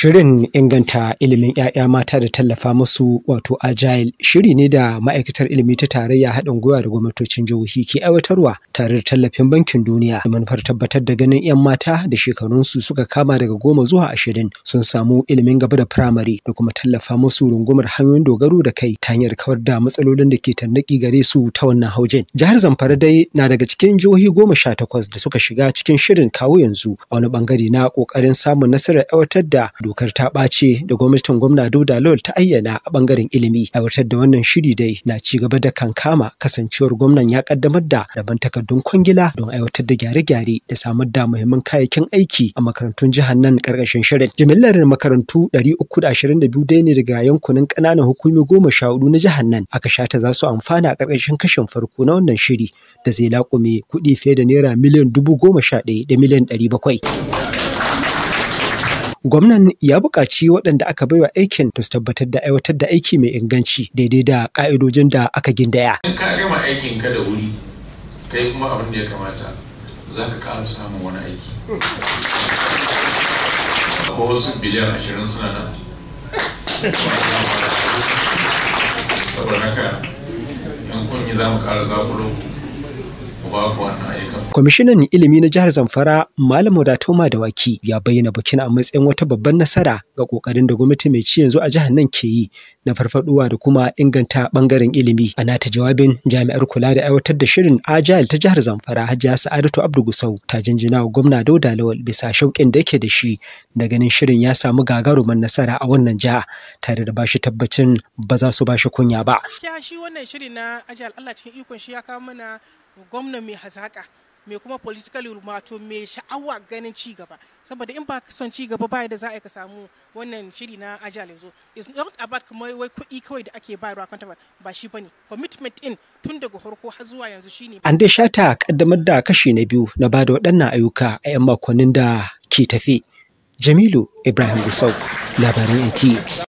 Shirin inganta ilimin 'ya'ya mata da tallafa musu wato agile shiri ne da ma'aikatar ilimi ta tarayya haɗin gwiwa da gwamnatocin jihohi ke aiwatarwa tare da tallafin bankin duniya da manufar tabbatar da ganin 'yan mata da shekarunsu suka kama daga goma zuwa ashirin sun samu ilimin gaba da firamare da kuma tallafa musu rungumar hanyoyin dogaro da kai ta hanyar kawar da matsalolin da ke tannaki gare su ta wannan haujin. Jihar Zamfara dai na daga cikin jihohi goma sha takwas da suka shiga cikin shirin kawo yanzu a wani bangare na ƙoƙarin samun nasarar aiwatar da dokar ta ɓace da gwamnatin gwamna Dauda Lawal ta ayyana a ɓangaren ilimi. Aiwatar da wannan shiri dai na ci gaba da kankama kasancewar gwamnan ya kaddamar da rabon takardun kwangila don aiwatar da gyare-gyare da samar da muhimman kayayyakin aiki a makarantun jihar nan karkashin shirin. Jimillar makarantu 322 dai ne daga yankunan ƙananan hukumi goma sha hudu na jihar nan aka shata za su amfana a karkashin kashin farko na wannan shiri da zai laƙume kuɗi fiye da naira miliyan dubu goma sha ɗaya da miliyan ɗari bakwai. Gwamnan ya buƙaci waɗanda aka baiwa aikin da su tabbatar da aiwatar da aiki mai inganci daidai da ƙa'idojin da aka gindaya. In ka gama aikin ka da wuri, kai kuma abin da ya kamata za ka ƙara samun wani aiki. Ko wasu biliyan ashirin suna nan. Saboda haka, in kun yi za mu ƙara zaɓuro ku ba ku wannan ayyuka. Kwamishinan ilimi na jihar Zamfara Malam da waki, ya bayyana bikin a matsayin wata babban nasara ga kokarin da gwamnati mai ci yanzu a jihar nan ke yi na farfaduwa da kuma inganta bangaren ilimi. A nata jawabin jami'ar kula da aiwatar da shirin ajal ta jihar Zamfara Hajiya Sa'adatu Abdu Gusau ta jinjina wa gwamna Dauda Lawal bisa shauƙin da yake da shi da ganin shirin ya samu gagaruman nasara a wannan jiha tare da bashi tabbacin ba za su bashi kunya ba. shi wannan shiri na ajal Allah cikin ikon shi ya kawo mana gwamna mai hazaƙa mai kuma political wato mai sha'awa ganin ci gaba saboda in ba ka son ci gaba ba da za a ka samu wannan shiri na ajal yanzu is not about kuma wai kuɗi kawai da ake bayarwa kan tabar ba shi bane commitment in tun daga farko har zuwa yanzu shine an dai shata kaddamar da kashi na biyu na bada waɗannan ayyuka a 'yan makonnin da ke tafe Jamilu Ibrahim Gusau Labarin NTA e.